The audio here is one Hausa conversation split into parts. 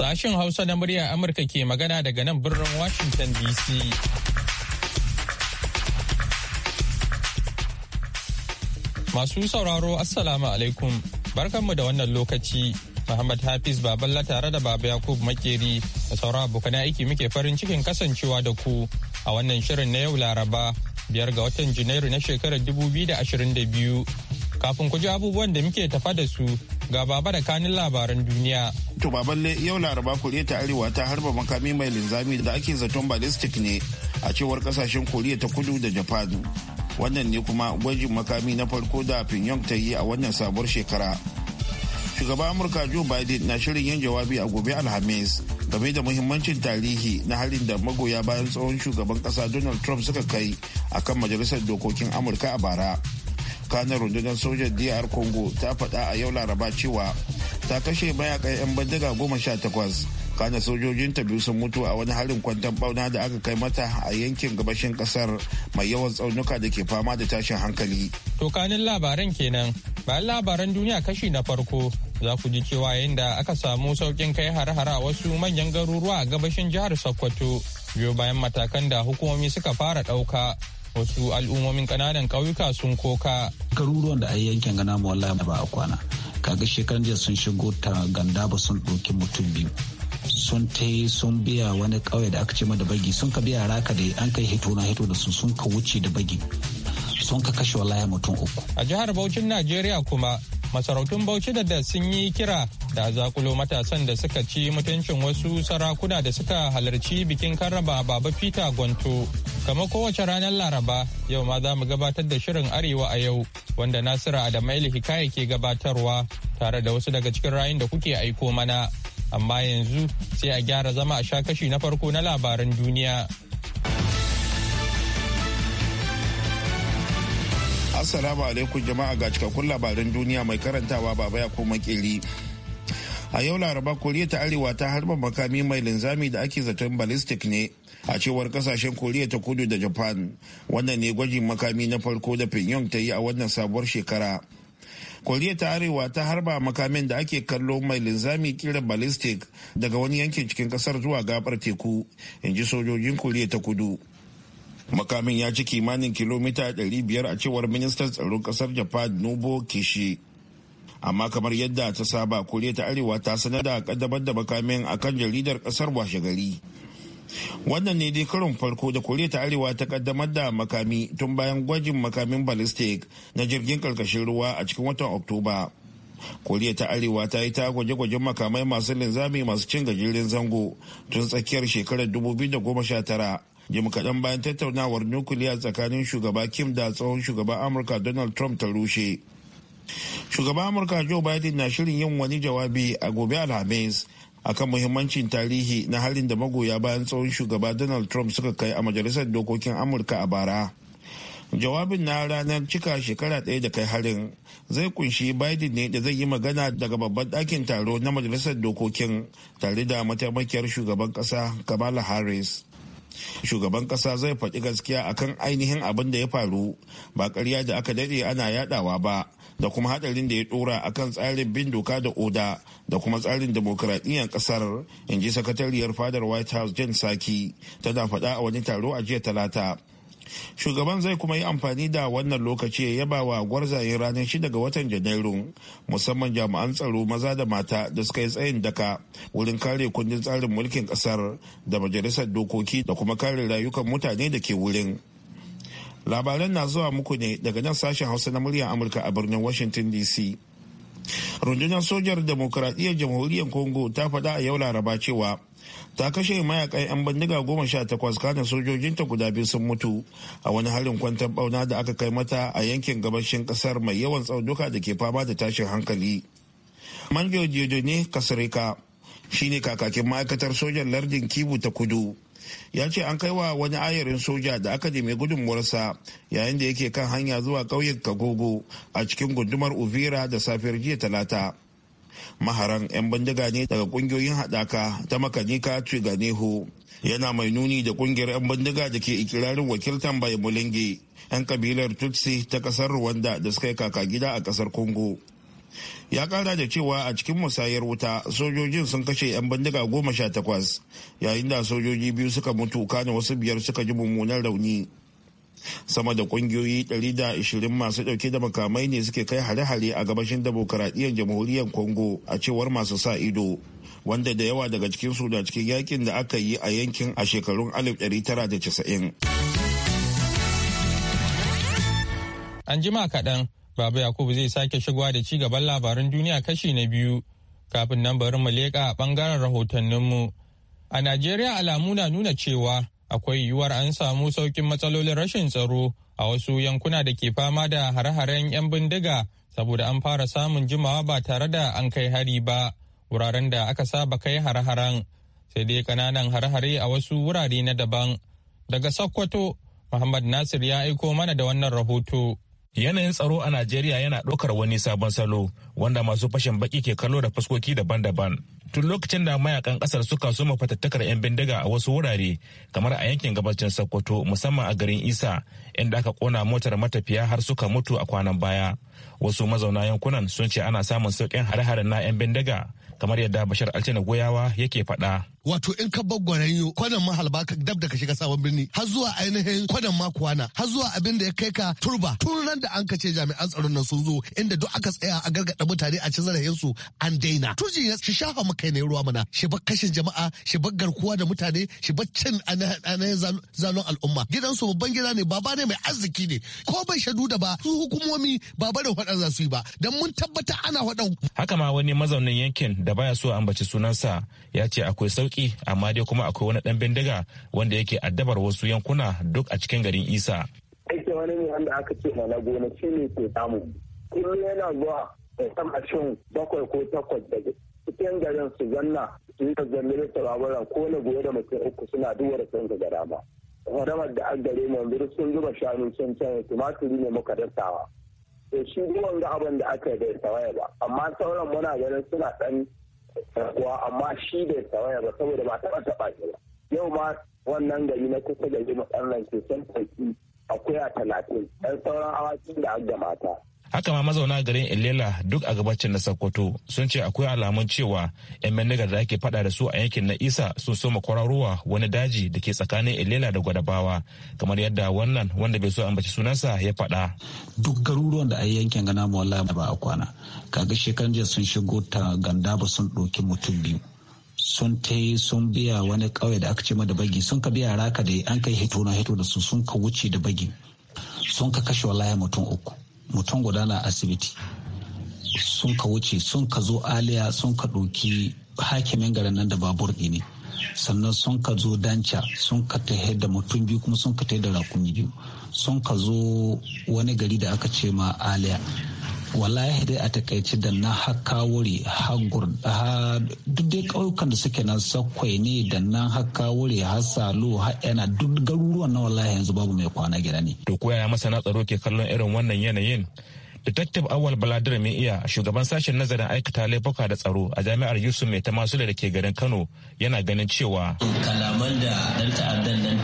Sashen Hausa na murya Amurka ke magana daga nan birnin Washington DC. Masu sauraro Assalamu alaikum barkanmu da wannan lokaci. Muhammad Hafiz Baballa tare da Baba Yakub Makeri da sauran abokan aiki muke farin cikin kasancewa da ku a wannan shirin na yau Laraba biyar ga watan Janairu na shekarar 2022. Kafin ku ji abubuwan da muke tafa da su Ga baba da kanin labaran duniya. To baballe yau laraba Koriya ta Arewa ta harba makami mai linzami da ake zaton ballistic ne a cewar kasashen Koriya ta Kudu da Japan. Wannan ne kuma gwajin makami na farko da Pyongyang ta yi a wannan sabuwar shekara. Shugaban Amurka Joe Biden na shirin yin jawabi a gobe Alhamis game da muhimmancin tarihi na halin da magoya bayan tsohon shugaban kasa Donald Trump suka kai akan majalisar dokokin Amurka a bara. kanar rundunar sojan dr congo ta faɗa a yau laraba cewa ta kashe mayakan 'yan bindiga goma sha takwas kana sojojin ta biyu sun mutu a wani harin kwanton bauna da aka kai mata a yankin gabashin kasar mai yawan tsaunuka da ke fama da tashin hankali to labaran kenan bayan labaran duniya kashi na farko za ku ji cewa yayin da aka samu saukin kai har-hara wasu manyan garuruwa a gabashin jihar Sokoto biyo bayan matakan da hukumomi suka fara ɗauka wasu al'ummomin kananan kauyuka sun koka garuruwan da a yankin gana mu wallahi ba a kwana kaga shekaran jiya sun shigo ta ganda ba sun ɗauki mutum biyu sun ta sun biya wani ƙauye da aka ce da bagi sun ka biya raka da an kai hito na hito da su sun ka wuce da bagi sun ka kashe wallahi mutum uku a jihar Bauchin Najeriya kuma masarautun bauchi da da sun yi kira da zakulo matasan da suka ci mutuncin wasu sarakuna da suka halarci bikin karraba baba peter gwanto kamar kowace ranar laraba yau ma za mu gabatar da shirin arewa a yau wanda nasira maili hikaya ke gabatarwa tare da wasu daga cikin rayun da kuke aiko mana amma yanzu sai a gyara zama a sha kashi na farko na labaran duniya. Assalamu alaikum jama'a ga cikakkun labaran duniya mai karantawa baba ya koma A yau Laraba Koriya ta Arewa ta harba makami mai linzami da ake zaton ballistic ne a cewar kasashen Koriya ta Kudu da Japan. Wannan ne gwajin makami na farko da Pyongyang ta yi a wannan sabuwar shekara. koriya ta arewa ta harba makamin da ake kallo mai linzami kira ballistic daga wani yankin cikin kasar zuwa gabar teku in ji sojojin koriya ta kudu makamin ya ci kimanin kilomita 500 a cewar ministan tsaron kasar japan nobo kishi amma kamar yadda ta saba koriya ta arewa ta sanar da kaddamar da makamin a kan jaridar kasar washe gari wannan ne dai karin farko da koriya ta arewa ta kaddamar da makami tun bayan gwajin makamin ballistic na jirgin karkashin ruwa a cikin watan oktoba koriya ta arewa ta yi ta gwaje gwaje makamai masu linzami masu cin gajeren zango tun tsakiyar shekarar 2019 jim kaɗan bayan tattaunawar nukiliya tsakanin shugaba kim da tsohon shugaban amurka donald trump ta rushe shugaban amurka joe biden na shirin yin wani jawabi a gobe alhamis akan muhimmancin tarihi na halin da magoya bayan tsohon shugaba donald trump suka kai a majalisar dokokin amurka a bara jawabin na ranar cika shekara ɗaya da kai harin zai kunshi biden ne da zai yi magana daga babban ɗakin taro na majalisar dokokin tare da mataimakiyar shugaban ƙasa kamala harris shugaban kasa zai faɗi gaskiya akan ainihin abin da ya faru ba ƙarya da aka daɗe ana yadawa ba da kuma haɗarin da ya ɗora akan tsarin bin doka da oda da kuma tsarin demokuraɗiyyar ƙasar in ji sakatariyar fadar white house jen saki tana faɗa a wani taro a jiya talata shugaban zai kuma yi amfani da wannan lokaci ya yaba wa gwarzayen ranar shida ga watan janairu musamman jami'an tsaro maza da mata da suka yi tsayin daka wurin kare kundin tsarin mulkin kasar da majalisar dokoki da kuma kare rayukan mutane da ke wurin labaran na zuwa muku ne daga nan sashen hausa na muryar amurka a birnin washington dc rundunar sojar demokuraɗiyyar jamhuriyar congo ta faɗa a yau laraba cewa ta kashe mayakan 'yan bindiga goma sha takwas kanin sojojinta guda biyu sun mutu a wani harin kwantar bauna da aka kai mata a yankin gabashin kasar mai yawan tsaunuka da ke fama da tashin hankali manjo ne kasarika shine kakakin ma'aikatar sojan lardin kibu ta kudu ya ce an kai wa wani ayarin soja da aka nemi gudunmuwarsa yayin da yake kan hanya zuwa ƙauyen kagogo a cikin gundumar uvira da safiyar jiya talata maharan 'yan bindiga ne daga kungiyoyin haɗaka ta makanika triganeho yana mai nuni da kungiyar 'yan bindiga da ke ikirarin wakiltan bai mulingi 'yan kabilar tutsi ta kasar rwanda da suka yi kaka gida a kasar congo ya kara da cewa a cikin musayar wuta sojojin sun kashe 'yan bindiga goma sha takwas yayin da sojoji biyu suka mutu kana wasu biyar suka ji mummunan rauni sama da kungiyoyi 120 masu dauke da makamai ne suke kai hare-hare a gabashin demokaradiyyar jamhuriyar congo a cewar masu sa ido wanda da yawa daga su da cikin yakin da aka yi a yankin a shekarun 1990 an jima kaɗan baba yakubu zai sake shigowa da ci gaban labarin duniya kashi na biyu kafin nan bari mu leƙa a ɓangaren rahotanninmu a najeriya alamu na nuna cewa akwai yiwuwar an samu saukin matsalolin rashin tsaro a wasu yankuna da ke fama da hare-haren 'yan bindiga saboda an fara samun jimawa ba tare da an kai hari ba wuraren da aka saba kai hare-haren sai dai kananan hare-hare a wasu wurare na daban daga sokoto muhammad nasir ya aiko mana da wannan rahoto yanayin tsaro a najeriya yana ɗaukar wani sabon salo wanda masu fashin baki ke kallo da fuskoki daban-daban tun lokacin da mayakan kasar suka soma fatattakar 'yan bindiga a wasu wurare kamar a yankin gabacin sokoto musamman a garin isa inda aka kona motar matafiya har suka mutu a kwanan baya wasu mazauna yankunan sun ce ana samun sauƙin hare-haren na 'yan bindiga kamar yadda bashar altina goyawa yake faɗa wato in ka bar gwaranyo kwanan mahalba ka dab da ka shiga sabon birni har zuwa ainihin kwanan ma kwana har zuwa abin da ya kai ka turba tun ran da an kace jami'an tsaron nan sun zo inda duk aka tsaya a gargada mutane a ci zarafin su an daina tuji ya shi shafa maka ne ruwa mana shi bar kashin jama'a shi bar garkuwa da mutane shi bar cin ainihin zalun al'umma gidansu babban gida ne baba ne mai arziki ne ko bai shadu da ba su hukumomi ba barin faɗa za su yi ba dan mun tabbata ana faɗan haka ma wani mazaunin yankin da baya so ambaci sunansa ya ce akwai sauki sauki amma dai kuma akwai wani dan bindiga wanda yake addabar wasu yankuna duk a cikin garin isa aiki wani ne wanda aka ce mana shi ne ke samu kuma yana zuwa kamashin bakwai ko takwas daga cikin garin su zanna su yi zanne da ko na gobe da mutum uku suna duba da sun ga dama haramar da an gare mu sun zuba shanu sun can tumaturi ne muka dasawa to shi duwan ga abin da aka da tawaya ba amma sauran muna ganin suna ɗan kuwa amma shi bai tsawaya ba saboda ba taɓa taɓa shi ba yau ma wannan gari na kusa da gari matsalar ke san akwai akuya talatin ɗan sauran awakin da an mata haka ma mazauna garin ilela duk a gabacin na sokoto sun ce akwai alamun cewa yan manigar da ake fada da su a yankin na isa sun soma kwararowa wani daji da ke tsakanin ilela da gwadabawa kamar yadda wannan wanda bai so ambaci sunansa ya fada duk garuruwan da a yankin gana mu wallahi ba a kwana kaga shekaran jiya sun shigo ta ganda ba sun ɗauki mutum biyu sun ta yi sun biya wani ƙauye da aka ce da bagi sun ka biya raka da an kai hito na hito da su sun ka wuce da bagi sun ka kashe wallahi mutum uku mutum guda na asibiti sun ka wuce sun ka zo aliya sun ka ɗauki hakimin garin nan da babur ne sannan sun ka zo danca sun ka tahe da mutum biyu kuma sun ka tahe da rakuni biyu sun ka zo wani gari da aka ce ma aliya wallahi dai a takaici da na haka wuri duk dai ƙauyukan da suke nan sakwai ne da nan haka wuri har salo har yana duk garuruwan na wallahi yanzu babu mai kwana gida ne. to koya masana tsaro ke kallon irin wannan yanayin Detective Awal Baladir mai iya shugaban sashen nazarin aikata laifuka da tsaro a jami'ar Yusuf mai ta masu da ke garin Kano yana ganin cewa. Kalaman da dan ta'addan nan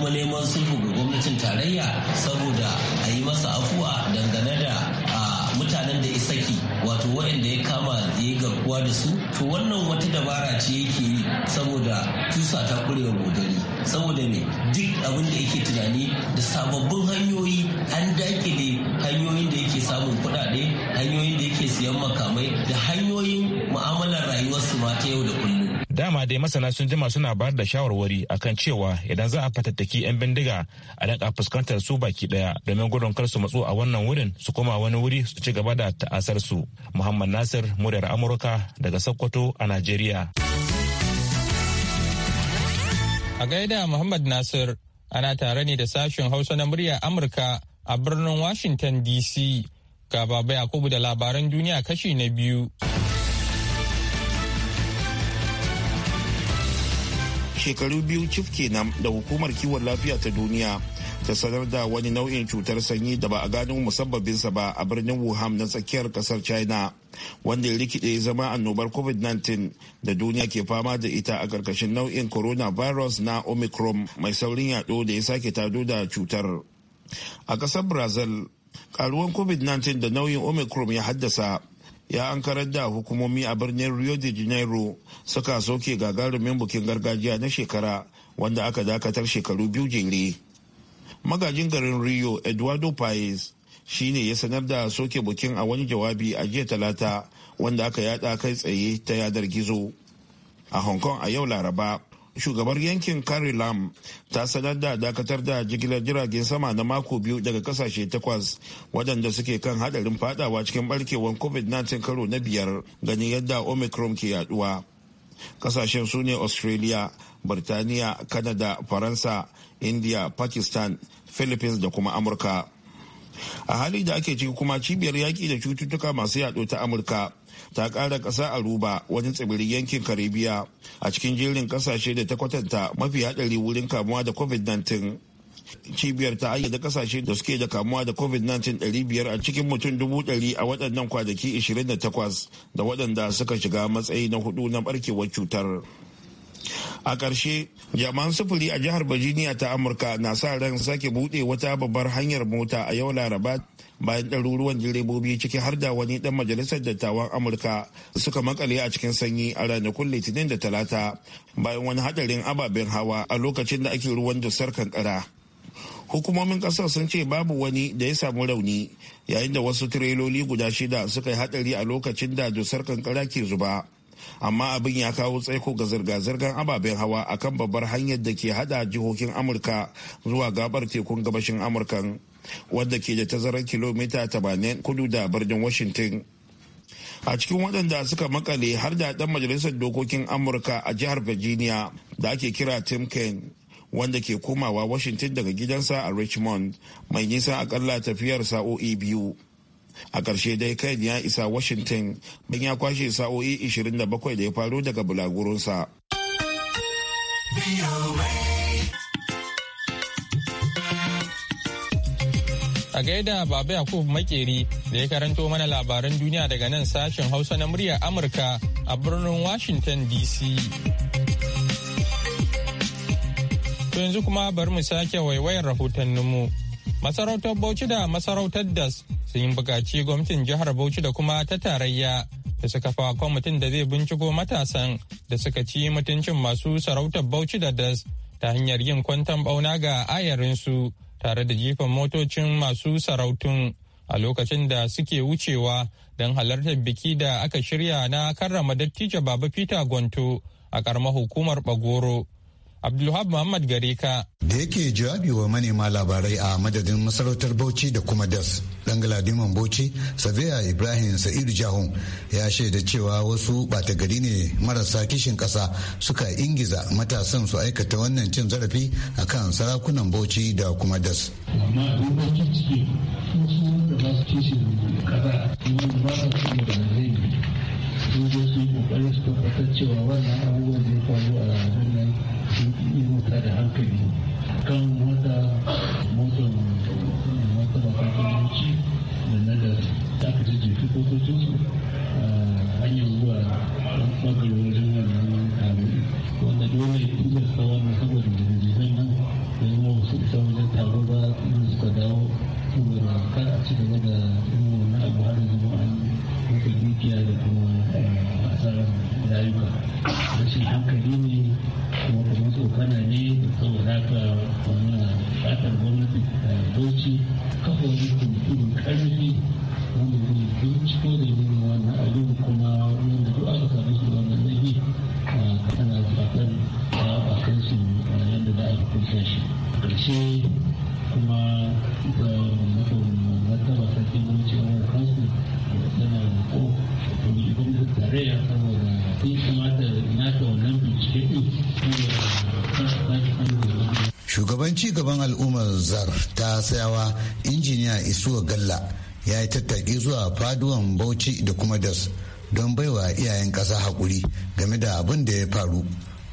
kuma neman sulhu ga gwamnatin tarayya saboda a yi masa afuwa dangane da mutanen da ya saki wato waɗanda ya kama ya kuwa da su to wannan wata dabara ce yake yi saboda tusa ta kurewa godari saboda me duk abin da yake tunani da sababbin hanyoyi an dakile hanyoyin da yake samun kuɗaɗe hanyoyin da yake siyan makamai da hanyoyin mu'amalar rayuwarsu mata yau da kullum dama dai masana sun jima suna bayar da shawarwari akan cewa idan za a fatattaki 'yan bindiga a rinka fuskantar su baki daya domin gudun kar su matsu a wannan wurin su koma wani wuri su ci gaba da ta'asar su muhammad nasir muryar amurka daga sokoto a najeriya a gaida muhammad nasir ana tare ne da sashen hausa na muryar amurka a birnin washington dc ga baba yakubu da labaran duniya kashi na biyu shekaru biyu cif kenan da hukumar kiwon lafiya ta duniya ta sanar da wani nau'in cutar sanyi da ba a gano musabbabinsa ba a birnin wuhan na tsakiyar kasar china wanda ya rikide zama annobar covid-19 da duniya ke fama da ita a karkashin nau'in coronavirus na omicron mai saurin yaɗo da ya sake tado da cutar a kasar brazil karuwan covid-19 da nauyin omicron ya haddasa ya ankarar da hukumomi a birnin rio de janeiro suka soke gagarumin bukin gargajiya na shekara wanda aka dakatar shekaru biyu jere magajin garin rio eduardo paez shi ne ya sanar da soke bukin a wani jawabi a jiya talata wanda aka yada kai tsaye ta yadar gizo a hong kong a yau laraba shugabar yankin kare lam ta sanar da dakatar da jigilar jiragen sama na mako biyu daga kasashe takwas waɗanda suke kan hadarin fadawa cikin barkewar covid-19 karo na biyar ganin yadda omicron ke yaduwa kasashen su ne australia birtaniya canada faransa india pakistan philippines da kuma amurka a hali da ake ciki kuma cibiyar yaƙi da cututtuka masu yaɗo ta amurka ta ƙara ƙasa Ruba wani tsibirin yankin karibiya a cikin jerin ƙasashe da ta kwatanta mafi haɗari wurin kamuwa da covid-19 cibiyar ta ayyada kasashe da suke da kamuwa da covid-19 500 a cikin mutum 100 a waɗannan kwanaki 28 da waɗanda suka shiga matsayi na hudu na barkewar cutar a ƙarshe jami'an sufuri a jihar virginia ta amurka na sa ran sake buɗe wata babbar hanyar mota a yau laraba bayan ɗaruruwan direbobi ciki har da wani ɗan majalisar dattawan amurka suka makale a cikin sanyi a ranakun litinin da talata bayan wani hadarin ababen hawa a lokacin da ake ruwan dusar kankara hukumomin ƙasar sun ce babu wani da ya samu rauni yayin da wasu tireloli guda shida suka yi hadari a lokacin da dusar kankara ke zuba amma abin ya kawo tsaiko ga zirga-zirgar ababen hawa a kan babbar hanyar da ke hada jihohin amurka zuwa gabar tekun gabashin amurka wadda ke da tazarar kilomita 80 kudu da birnin washington a cikin waɗanda suka makale har da ɗan majalisar dokokin amurka a jihar virginia da ake kira tim kane wanda ke komawa washington daga gidansa a richmond mai nisa akalla tafiyar sa'o'i biyu a ƙarshe dai kan ya isa washington ban ya kwashe sa'o'i 27 da ya faru daga bulagurunsa a gaida baba yakub makeri da ya karanto mana labaran duniya daga nan sashen hausa na muryar amurka a birnin washington dc to yanzu kuma bari mu sake waiwayar rahotanninmu masarautar bauchi da masarautar das sun bukaci gwamnatin jihar Bauchi da kuma ta tarayya da suka fawa kwamitin da zai binciko matasan da suka ci mutuncin masu sarautar Bauchi da Das ta hanyar yin kwantan bauna ga ayarinsu tare da jifan motocin masu sarautun a lokacin da suke wucewa don halartar biki da aka shirya na karrama dattijo Baba Peter Gwanto a ƙaramar hukumar Bagoro. Abdulhab Muhammad Gareka. Da yake jawabi wa manema labarai a madadin masarautar Bauchi da kuma DAS, ɗan Galadiman Bauchi, Saviya Ibrahim Sa'idu Jahun ya shaida cewa wasu bata gari ne marasa kishin ƙasa suka ingiza matasan su aikata wannan cin zarafi a kan sarakunan Bauchi da kuma DAS. sun je su yi kokarin su tabbatar cewa wannan abubuwan zai faru a ranar nan sun iya mutu da hankali kan wanda motar wata mafarkin yanci da na da aka jajjefi kokocinsu a hanyar zuwa magarin wajen wannan taro wanda dole ya tilasta wannan saboda jirgin nan da yi wa su isa wajen taro ba nan suka dawo saboda kar a ci gaba da yin wannan abu har zama an dukiya da kuma eh, asarar rayuwa rashin hankali ne kuma kuma tsokana ne saboda haka muna gwamnati ta bauchi kafa wani kwamitin karfi wanda zai binciko da yin wannan abin kuma wanda duk aka shi ana bukatar a kan su yadda za a hukunta shi ƙarshe kuma da eh, mutum martaba sarkin gwamnati wani kansu shugabanci shugaban ci gaban al'ummar zar ta sayawa injiniya isuwa galla ya yi tattaki zuwa faduwan bauchi da kuma das don baiwa iyayen ƙasa hakuri game da abin da ya faru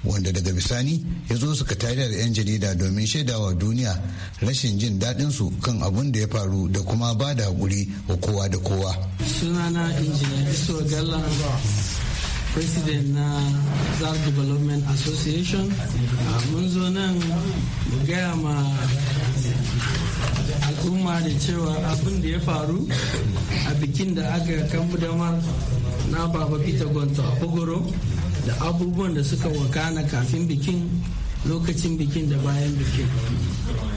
wanda daga bisani ya zo sakatariyar 'yan jarida domin shaidawa duniya rashin jin daɗinsu kan abin da ya faru da kuma ba da hakuri wa kowa da kowa president na zar development association ah, mun zo nan mu gaya ma al'umma da cewa abin da ya faru a bikin da aka kammudamar na baba peter gonto a ogoro da abubuwan da suka wakana kafin bikin lokacin bikin da bayan bikin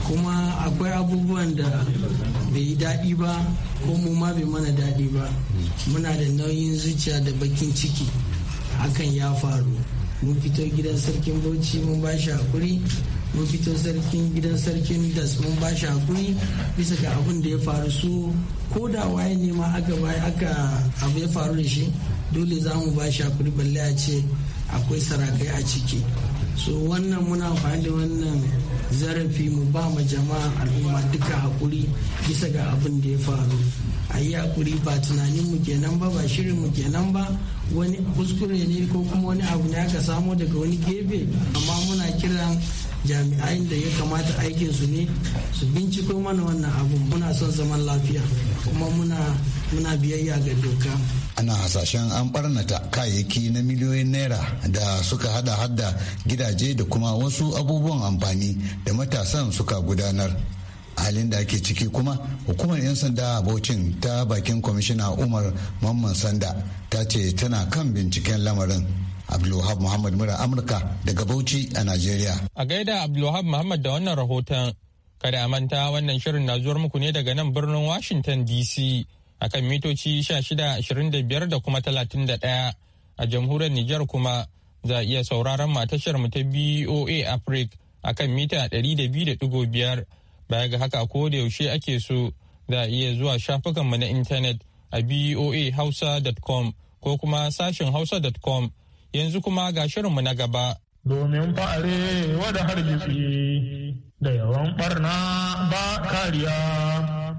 kuma akwai abubuwan da bai yi daɗi ba ko mu ma bai mana daɗi ba muna da nauyin zuciya da bakin ciki hakan ya faru mun fito gidan sarkin bauchi mun ba shi hakuri mun fito sarkin gidan sarkin das mun ba shi hakuri bisa ga abin da ya faru su ko da waye ne ma aka aka abu ya faru da shi dole za mu ba shi hakuri balle a ce akwai sarakai a ciki so wannan muna amfani da wannan zarafi mu ba ma jama'a al'umma duka hakuri bisa ga abin da ya faru a yi hakuri ba tunanin mu kenan ba ba shirin mu kenan ba wani kuskure ne ko kuma wani abu ne aka samo daga wani gefe amma muna kiran jami'ai da ya kamata aikin su ne su binciko mana wannan abu muna son zaman lafiya kuma muna muna biyayya ga doka ana hasashen an barnata kayayyaki na miliyoyin naira da suka hada hada gidaje da kuma wasu abubuwan amfani da matasan suka gudanar halin da ake ciki kuma hukumar 'yan sanda a baucin ta bakin kwamishina umar mamman sanda ta ce tana kan binciken lamarin Abdulwahab Muhammad mura Amurka daga Bauchi a Najeriya. A gaida Abdulwahab Muhammad da wannan rahoton kada a manta wannan shirin na zuwar muku ne daga nan birnin Washington DC akan mitoci 1625 da kuma 31 a jamhuriyar Nijar kuma za a iya sauraron matashar mu ta BOA Africa akan mita 200.5 baya ga haka ko da yaushe ake so za a iya zuwa shafukanmu na intanet a boa boahausa.com ko kuma sashin hausa.com Yanzu kuma ga shirinmu na gaba. Domin fa'are wada hargitsi da yawan barna ba kariya.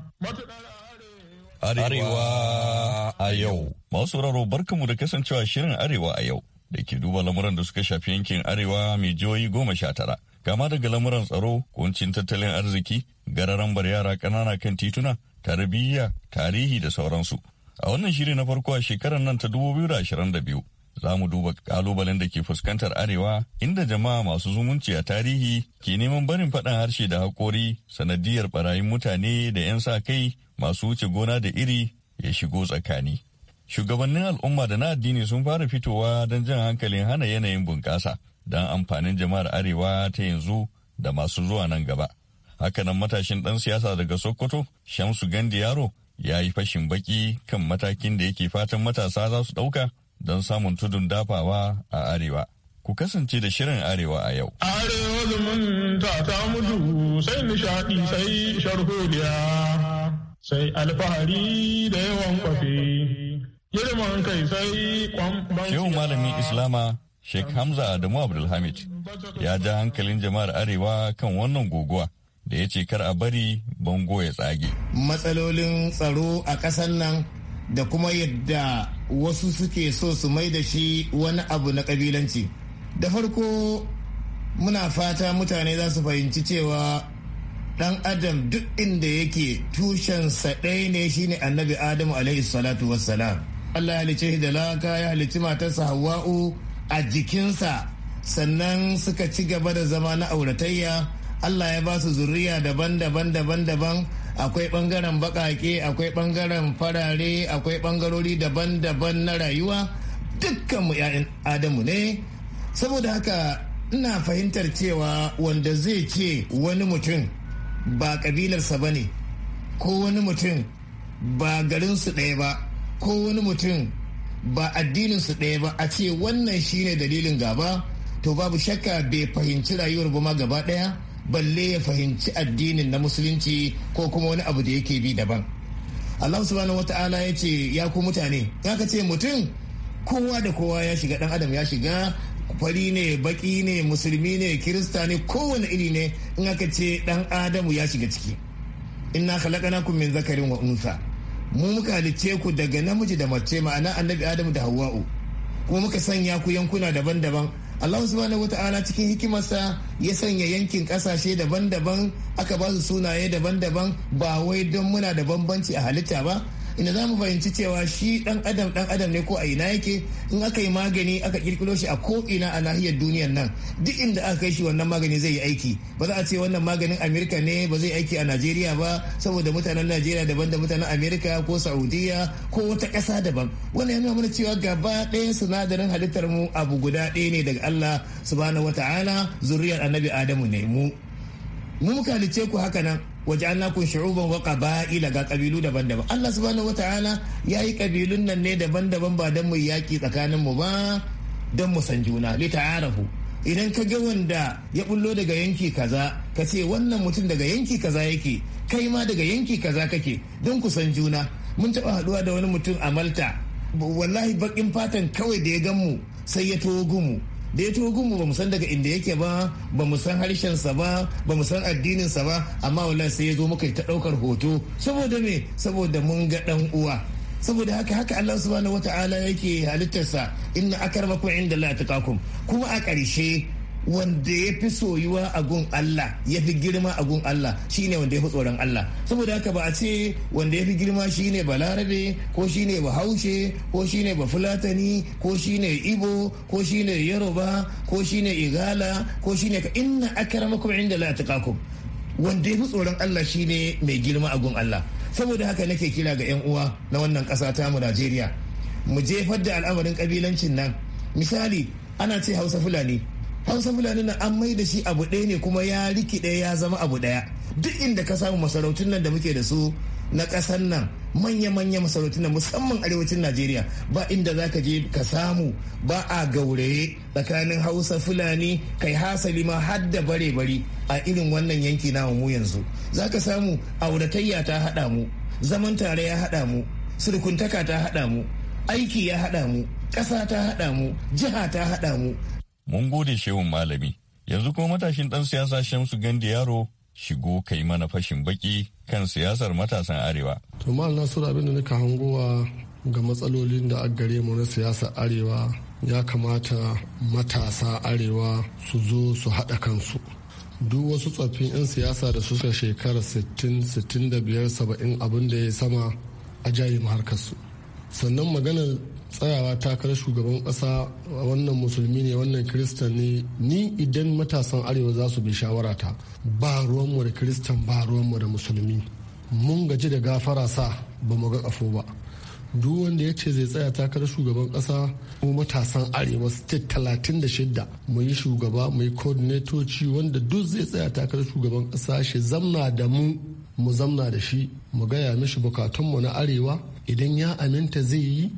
Arewa a yau. Masu raro barkamu da kasancewa shirin Arewa a yau da ke duba lamuran da suka shafi yankin Arewa mai jihohi goma sha tara. Kama daga lamuran tsaro, kuncin tattalin arziki, gararambar yara ƙanana kan tituna, tarbiyya, tarihi da sauransu. A wannan shiri na farko a shekarar nan ta 2022 za mu duba kalubalen da ke fuskantar arewa inda jama'a masu zumunci a tarihi ke neman barin faɗan harshe da haƙori sanadiyar barayin mutane da 'yan sa kai masu wuce gona da iri ya shigo tsakani. Shugabannin al'umma da na addini sun fara fitowa don jan hankalin hana yanayin bunƙasa don amfanin jama'ar arewa ta yanzu da masu zuwa nan gaba. Hakanan matashin ɗan siyasa daga Sokoto, Shamsu Gandi Yaro, ya yi fashin baki kan matakin da yake fatan matasa za su ɗauka don samun tudun dafawa a arewa. Ku kasance da shirin Arewa a yau. Arewa zumunta ta mutu sai nishaɗi sai sharholiya sai alfahari da yawan kwafe. Girman kai sai kwamfansiya. yau malamin Islama Sheikh Hamza Adamu Abdulhamid ya ja hankalin jama'ar Arewa kan wannan guguwa da ya ce kar a bari bango ya tsage. Matsalolin tsaro a ƙasar nan da kuma yadda wasu suke so su mai da shi wani abu na kabilanci da farko muna fata mutane za su fahimci cewa dan adam duk inda yake tushensa ɗaya ne shine annabi adamu alaihi salatu wassalam allah ya halice da laka ya halicci matarsa hawa'u a jikinsa sannan suka ci gaba da zama na auratayya allah ya ba su zuriya daban-daban daban-daban akwai ɓangaren bakake akwai bangaren farare akwai bangarori daban-daban na rayuwa dukkanmu 'ya'yan adamu ne saboda haka ina fahimtar cewa wanda zai ce wani mutum ba kabilarsa ba ne ko wani mutum ba garinsu ɗaya ba ko wani mutum ba addininsu ɗaya ba a ce wannan shine dalilin gaba to babu shakka bai fahimci rayuwar ba ma gaba ɗaya balle ya fahimci addinin na musulunci ko kuma wani abu da yake bi daban Allah subhanahu Ta'ala ya ce ya ku mutane ya ce mutum kowa da kowa ya shiga dan adam ya shiga fari ne baki ne musulmi ne kirista ne kowane iri ne in aka ce dan adamu ya shiga ciki In na inna khalaqnakum min zakarin wa unsa mu muka halice ku daga namiji da mace ma'ana annabi adamu da hawwa'u kuma muka sanya ku yankuna daban-daban Allah subhanahu ta'ala cikin hikimarsa ya sanya yankin kasashe daban-daban aka ba su sunaye daban-daban ba wai don muna da bambanci a halitta ba inda za mu fahimci cewa shi dan adam dan adam ne ko a ina yake in aka yi magani aka kirkiro shi a ko ina a nahiyar duniyar nan duk inda aka kai shi wannan magani zai yi aiki ba za a ce wannan maganin amerika ne ba zai aiki a najeriya ba saboda mutanen najeriya daban da mutanen amerika ko saudiya ko wata ƙasa daban wannan yana mana cewa gaba ɗaya sinadarin halittar mu abu guda ɗaya ne daga allah subhanahu wataala zuriyar annabi adamu ne mu mu muka ku haka nan kunshi shu'uban wa qaba'ila ga kabilu daban-daban Allah subhanahu ya yi kabilun nan ne daban-daban ba dan mu yaki tsakanin mu ba dan mu san juna li ta'arafu idan ka ga wanda ya bullo daga yanki kaza ka ce wannan mutum daga yanki kaza yake kai ma daga yanki kaza kake don ku san juna mun taɓa haɗuwa da wani mutum a Malta wallahi baƙin fatan kawai da ya gan mu sai ya togo mu da ya tuwo gunmu ba san daga inda yake ba ba mu san harshensa ba ba mu san addininsa ba amma wallahi sai ya zo muka ta daukar hoto saboda me saboda mun ga dan uwa saboda haka haka Allah subhanahu wataala yake halittarsa inna akramakum inda la taqakum kuma a ƙarshe wanda ya fi soyuwa a gun Allah ya fi girma a gun Allah ne wanda ya fi tsoron Allah saboda haka ba a ce wanda ya fi girma shi shine balarabe ko shi ba bahaushe ko shi ba bafulatani ko shi ne ibo ko shi ne yaroba ko shi ne igala ko ne ka inna akramakum inda la taqakum wanda ya fi tsoron Allah shi ne mai girma a gun Allah saboda haka nake kira ga 'yan uwa na wannan ƙasa ta mu Najeriya mu jefar da al'amarin kabilancin nan misali ana ce Hausa Fulani hausa fulani na an mai da shi abu ɗaya ne kuma ya riki rikide ya zama abu ɗaya duk inda ka samu masarautun nan da muke da su na ƙasar nan manya-manya masarautun nan musamman arewacin najeriya ba inda za ka je ka samu ba a gauraye tsakanin hausa fulani kai hasali ma har da bare-bari a irin wannan yanki na mu yanzu za ka samu auratayya ta haɗa mu zaman tare ya haɗa mu surkuntaka ta haɗa mu aiki ya haɗa mu ƙasa ta haɗa mu jiha ta haɗa mu Mun gode shehun malami. Yanzu kuma matashin ɗan siyasa Shamsu Gandi Yaro shigo kai mana fashin baki kan siyasar matasan Arewa. To mal Nasiru abin da nika hangowa ga matsalolin da aka gare mu na siyasar Arewa ya kamata matasa Arewa su zo su haɗa kansu. duk wasu tsoffin 'yan siyasa da suka shekara 60-65-70 abin da ya sama a jayi harkarsu sannan maganar tsayawa takarar shugaban ƙasa wannan musulmi ne wannan kirista ne ni idan matasan arewa za su bi ta ba ruwanmu da kiristan ba ruwanmu da musulmi mun gaji da gafara sa ba mu ga kafo ba duk wanda ya ce zai tsaya takarar shugaban kasa ko matasan arewa state talatin da shidda mu shugaba mu yi coordinatoci wanda duk zai tsaya takarar shugaban kasa shi zamna da mu mu zamna da shi mu gaya mishi bukatunmu na arewa idan ya aminta zai yi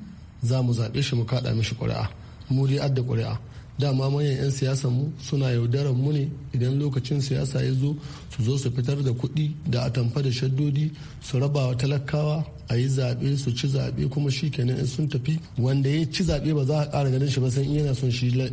za mu zaɓe shi mu kaɗa mishi ƙuri'a mu dai adda ƙuri'a dama manyan 'yan siyasa mu suna yaudarar mu ne idan lokacin siyasa ya zo su zo su fitar da kuɗi da atamfa da shaddodi su raba wa talakawa a yi zaɓe su ci zaɓe kuma shi kenan in sun tafi wanda ya ci zaɓe ba za a ƙara ganin shi ba sai yana son shi ya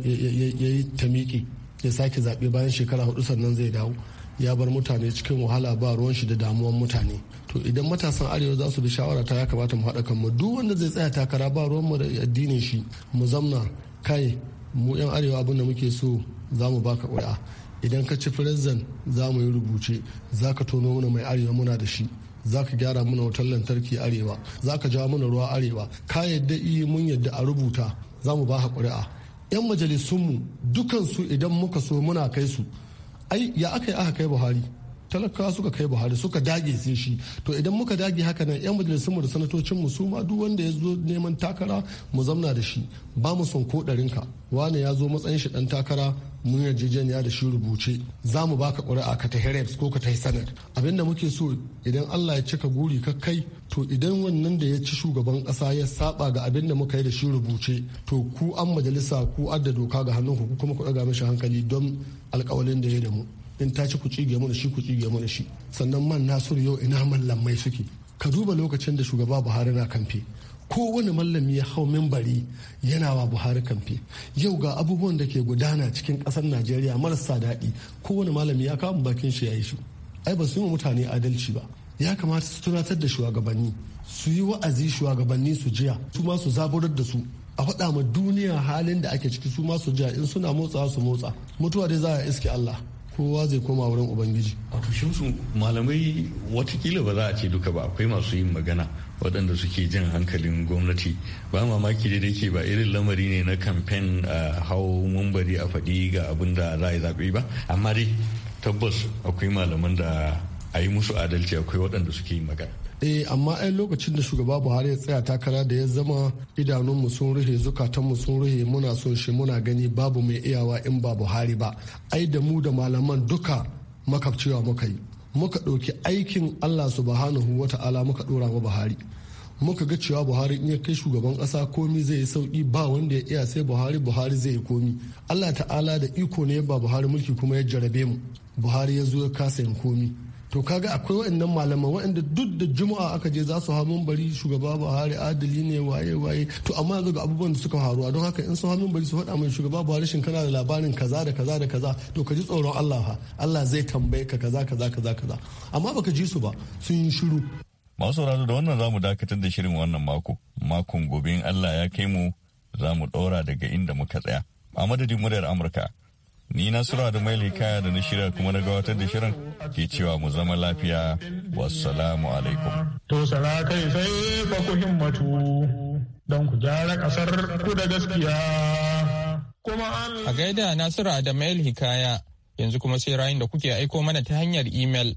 yi ta miƙe ya sake zaɓe bayan shekara hudu sannan zai dawo ya bar mutane cikin wahala ba ruwan shi da damuwan mutane to idan matasan arewa za su bi shawara ta ya kamata mu haɗa kanmu duk wanda zai tsaya takara ba ruwanmu da addinin shi mu zamna kai mu yan arewa abin da muke so za mu baka ƙuri'a idan ka ci firizan za mu yi rubuce za ka tono mana mai arewa muna da shi za ka gyara mana wutar lantarki arewa za ka jawo mana ruwa arewa ka yadda iya mun yadda a rubuta za mu baka ƙuri'a yan majalisunmu dukansu idan muka so muna kai su ai ya aka yi aka kai buhari talakawa suka kai buhari suka dage sai shi to idan muka dage haka nan yan majalisunmu da sanatocinmu su ma duk wanda ya zo neman takara mu zamna da shi ba mu son ko ɗarinka wane ya zo matsayin shi ɗan takara mun yarjejeniya da shi rubuce za mu baka ƙuri'a ka ta reps ko ka tafi sanad abinda muke so idan Allah ya cika guri ka kai to idan wannan da ya ci shugaban ƙasa ya saba ga abinda muka yi da shi rubuce to ku an majalisa ku adda doka ga hannunku kuma ku ɗaga mishi hankali don alkawalin da ya da mu in ta ci ku cige da shi ku cige da shi sannan man nasiru yau ina mallam mai suke ka duba lokacin da shugaba buhari na kamfe kowane mallami ya hau mimbari yana wa buhari kamfe yau ga abubuwan da ke gudana cikin kasar najeriya marasa daɗi kowane malami ya kawo bakin shi ya yi shi ai ba su yi mutane adalci ba ya kamata su tunatar da shugabanni su yi wa'azi shugabanni su jiya su ma su zaburar da su a faɗa ma duniya halin da ake ciki su ma su jiya in suna motsa su motsa mutuwa dai za a iske allah kowa zai koma wurin ubangiji wato su malamai watakila ba za a ce duka ba akwai masu yin magana waɗanda suke jin hankalin gwamnati ba mamaki da yake ba irin lamari ne na kamfen a hau mumbari a faɗi ga abin da za a yi zaɓe ba amma dai tabbas akwai malaman da a yi musu adalci akwai waɗanda suke yin magana eh amma ai lokacin da shugaba buhari ya tsaya takara da ya zama idanunmu sun rufe zukatanmu sun ruhe muna son shi muna gani babu mai iyawa in ba buhari ba ai da mu da malaman duka makabciwa muka yi muka ɗauki aikin allah subhanahu wata'ala muka ɗora wa buhari muka ga cewa buhari in ya kai shugaban ƙasa komi zai yi sauki ba wanda ya iya sai buhari buhari zai yi komi allah ta'ala da iko ne ya ba buhari mulki kuma ya jarabe mu buhari ya zo ya kasa yin komi to kaga akwai waɗannan malaman waɗanda duk da juma'a aka je za su hau bari shugaba buhari adali ne waye waye to amma yanzu ga abubuwan da suka faruwa don haka in sun hau bari su faɗa mai shugaba buhari shin kana da labarin kaza da kaza da kaza to ka ji tsoron allah ha allah zai tambaye ka kaza kaza kaza kaza amma baka ji su ba sun yi shiru masu sauraro da wannan zamu dakatar da shirin wannan mako makon gobe in allah ya kai mu za mu ɗora daga inda muka tsaya a madadin muryar amurka Ni Nasiru Adamaili kaya da na shirya kuma na gawatar da shirin ke cewa mu zama lafiya. Wassalamu alaikum. To sarakai sai ba himmatu don ku gyara kasar ku da gaskiya. A gaida Nasiru Adamaili hikaya yanzu kuma sai rayun da kuke aiko mana ta hanyar imel.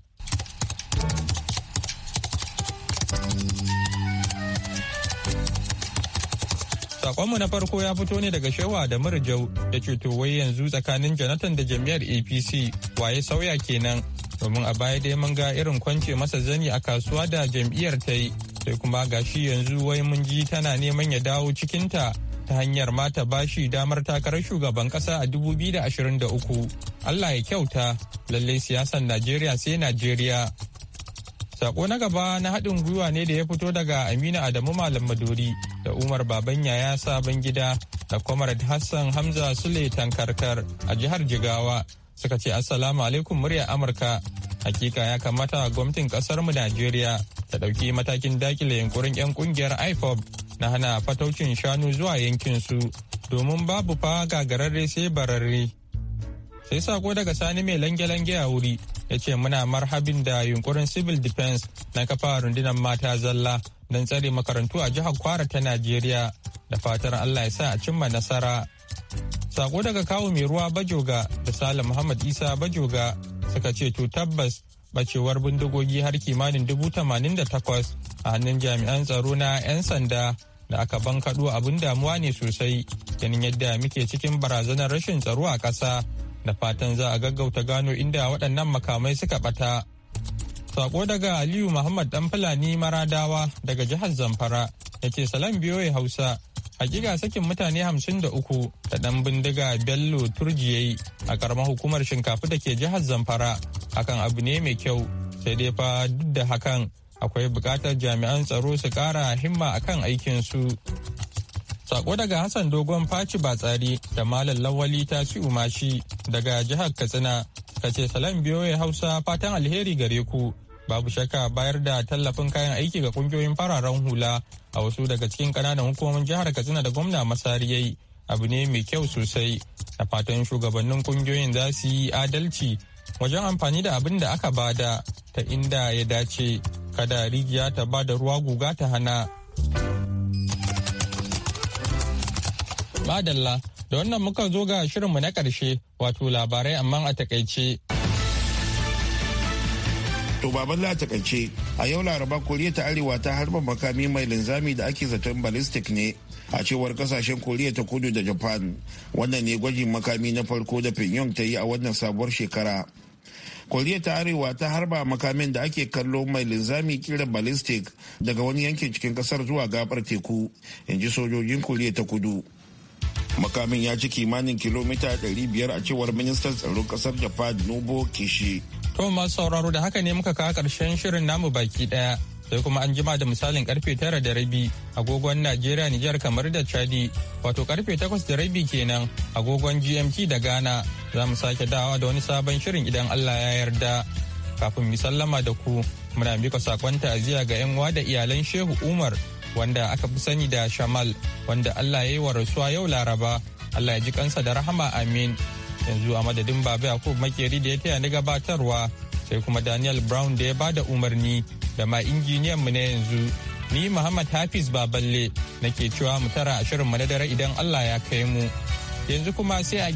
Sakonmu na farko ya fito ne daga Shewa da Murjau da wai yanzu tsakanin Jonathan da jam'iyyar APC waye sauya kenan domin a baya dai mun ga irin kwance masa zani a kasuwa da jam'iyyar ta yi sai kuma gashi yanzu wai mun ji tana neman ya dawo cikinta ta hanyar mata bashi damar takarar shugaban kasa a dubu biyu da da uku Allah ya kyauta lallai siyasar Najeriya sai Najeriya. Sako na gaba na haɗin gwiwa ne da ya fito daga Aminu Adamu Malam Maduri da Umar Baban Yaya Sabon Gida da Comrade Hassan Hamza Sule Tankarkar a jihar Jigawa suka ce Assalamu alaikum murya Amurka. Hakika ya kamata gwamnatin mu Najeriya ta ɗauki matakin dakile yunkurin 'yan kungiyar IFOB na hana fataucin shanu zuwa yankin su domin babu fa gagararre sai bararre. Sai sako daga sani mai lange-lange a wuri ya ce muna marhabin da yunkurin civil defense na kafa rundunar mata zalla don tsare makarantu a jihar kwara ta najeriya da fatar allah ya sa a cimma nasara sako daga kawo mai ruwa bajoga da sale muhammad isa bajoga suka ce to tabbas bacewar bindigogi har kimanin dubu tamanin da takwas a hannun jami'an tsaro na 'yan sanda da aka bankaɗo abin damuwa ne sosai ganin yadda muke cikin barazanar rashin tsaro a ƙasa da fatan za a gaggauta gano inda waɗannan makamai suka ɓata. Sako daga Aliyu Muhammad ɗan Fulani Maradawa daga jihar Zamfara ya ce salam biyoyi Hausa. Hakika sakin mutane hamsin da uku da ɗan bindiga Bello yayi. a ƙaramar hukumar shinkafa da ke jihar Zamfara akan abu ne mai kyau sai dai fa duk da hakan akwai buƙatar jami'an tsaro su ƙara himma akan aikinsu. Sako daga Hassan Dogon Faci Batsari da Malam Lawali ta ci umashi daga jihar Katsina ka ce salam biyoye Hausa fatan alheri gare ku. Babu shakka bayar da tallafin kayan aiki ga kungiyoyin fararen hula a wasu daga cikin ƙananan hukumomin jihar Katsina da gwamna masariyai abu ne mai kyau sosai. Da fatan shugabannin kungiyoyin za su yi adalci wajen amfani da abin da aka bada ta inda ya dace kada rijiya ta bada ruwa guga ta hana. Madalla Da wannan muka zo ga shirinmu na ƙarshe wato labarai amma a takaice. To baban a takaice a yau laraba koriya ta arewa ta harba makami mai linzami da ake zaton ballistic ne a cewar kasashen koriya ta kudu da japan wannan ne gwajin makami na farko da pyongyang ta yi a wannan sabuwar shekara koriya ta arewa ta harba makamin da ake kallo mai linzami kira ballistic daga wani yankin cikin kasar zuwa gabar teku in ji sojojin koriya ta kudu makamin ya ci kimanin kilomita 500 a cewar ministan tsaron kasar japan nobo kishi to masu sauraro da haka ne muka kawo karshen shirin namu baki daya sai kuma an jima da misalin karfe tara da rabi agogon najeriya nijar kamar da chadi wato karfe takwas da rabi kenan agogon gmt da ghana za mu sake dawa da wani sabon shirin idan allah ya yarda kafin mu sallama da ku muna bika sakon ta'aziyya ga yan da iyalan shehu umar wanda aka fi sani da Shamal wanda Allah ya yi wa rasuwa yau Laraba Allah ya ji kansa da rahama amin yanzu a madadin Baba Yakub Makeri da ya taya ni gabatarwa sai kuma Daniel Brown da ya ba da umarni da ma injiniyan mu na yanzu ni Muhammad Hafiz Baballe nake cewa mu tara a shirin mu na dare idan Allah ya kai mu yanzu kuma sai a